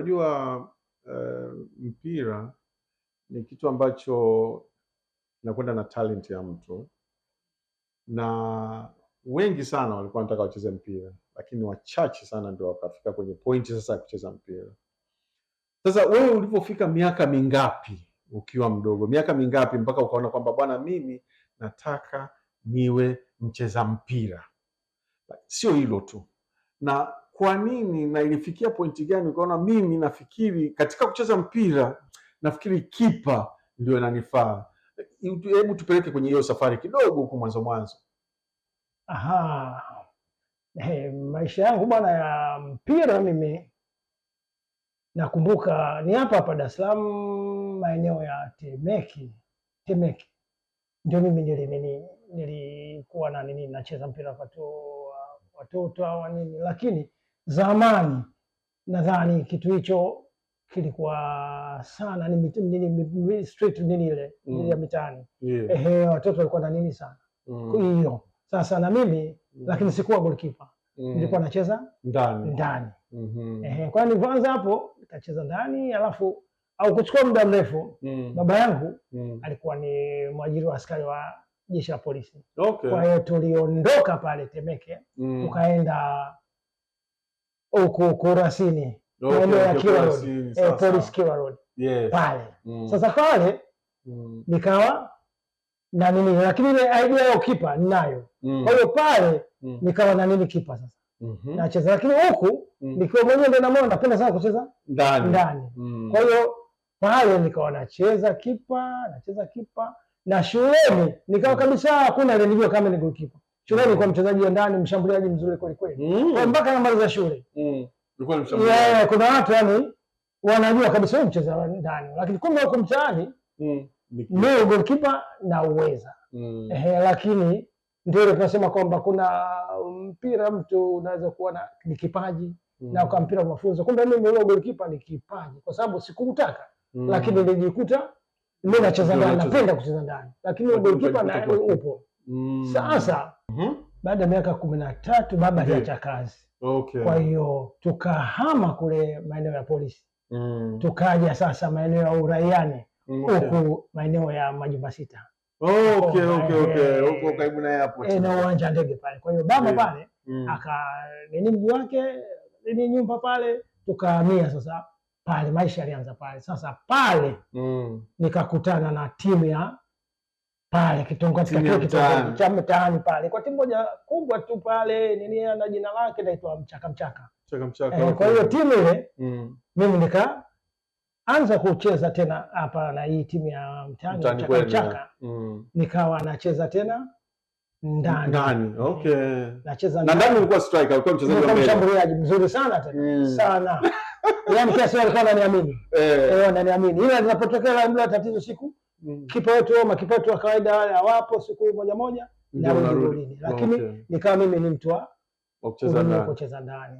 Unajua uh, mpira ni kitu ambacho inakwenda na talent ya mtu, na wengi sana walikuwa wanataka wacheze mpira, lakini wachache sana ndio wakafika kwenye pointi sasa ya kucheza mpira. Sasa wewe ulipofika miaka mingapi ukiwa mdogo, miaka mingapi mpaka ukaona kwamba bwana, mimi nataka niwe mcheza mpira? Sio hilo tu, na kwa nini na ilifikia pointi gani ukaona mimi nafikiri katika kucheza mpira nafikiri kipa ndio inanifaa? Hebu tupeleke kwenye hiyo safari kidogo huko mwanzo mwanzo. Aha. maisha yangu bwana ya mpira mimi nakumbuka ni hapa hapa Dar es Salaam maeneo ya Temeke. Temeke ndio mimi nili nilikuwa na nini nacheza mpira kwa watoto au nini, lakini zamani nadhani kitu hicho kilikuwa sana ni nini, street nini ile mm. ya mitaani yeah. Ehe, watoto walikuwa na nini sana mm. hiyo mm. Sasa na mimi mm. lakini sikuwa goalkeeper mm. nilikuwa nacheza ndani ndani mm -hmm. Ehe, kwa nilivyoanza hapo nikacheza ndani alafu au kuchukua muda mrefu mm. baba yangu mm. alikuwa ni mwajiri wa askari wa jeshi la polisi okay. Kwa hiyo tuliondoka pale Temeke mm. tukaenda huku Kurasini ya eh, Polisi Kira Road pale. Mm. Sasa pale mm. nikawa na nini, lakini ile idea ya ukipa ninayo. Mm. Kwa hiyo pale nikawa na nini kipa sasa Mm -hmm. Nacheza lakini huku mm nikiwa mwenyewe ndio naona napenda sana kucheza ndani ndani. Mm. Kwa hiyo pale nikawa nacheza kipa, nacheza kipa na shuleni nikawa kabisa hakuna nilijua kama ni goalkeeper. Chureni mm. Oh. kwa mchezaji wa ndani, mshambuliaji mzuri kweli kweli mm. kwa mpaka nambari za shule mm. yeah, kuna watu yani wanajua kabisa wewe mcheza wa ndani, lakini kumbe huko mtaani mm. ni goalkeeper na uweza mm. eh, lakini ndio ile tunasema kwamba kuna mpira mtu unaweza kuwa na ni kipaji mm. na kwa mpira mafunzo, kumbe mimi yule goalkeeper ni kipaji, kwa sababu sikutaka mm. lakini nilijikuta mimi nacheza ndani, napenda kucheza ndani, lakini goalkeeper na upo mm. sasa baada ya miaka kumi na tatu baba aliacha kazi okay. Kwa hiyo tukahama kule maeneo ya polisi mm. Tukaja sasa maeneo ya uraiani mm, huku okay. Maeneo ya majumba sita huko karibu na airport eh, na uwanja wa ndege pale. Kwa hiyo baba pale mm. aka nini mji wake nini nyumba pale, tukahamia sasa pale, maisha yalianza pale. Sasa pale mm. nikakutana na timu ya pale kitongoji cha mtaani pale kwa timu moja kubwa tu pale nini, ana jina lake naitwa mchaka mchaka mchaka mchaka. Eh, kwa hiyo timu ile mm. mimi nika anza kucheza tena hapa na hii timu ya mtaani mchaka mchaka eh. mm. nikawa nacheza tena ndani ndani, okay, nacheza na ndani. Ulikuwa striker, ulikuwa mchezaji wa mbele, mshambuliaji mzuri sana tena mm. sana yani, kiasi alikuwa ananiamini eh. eh, ananiamini ila linapotokea la tatizo siku mm. kipato makipato wa kawaida wale hawapo siku moja moja, narudi golini, lakini okay. nikawa mimi ni mtu wa kucheza ndani.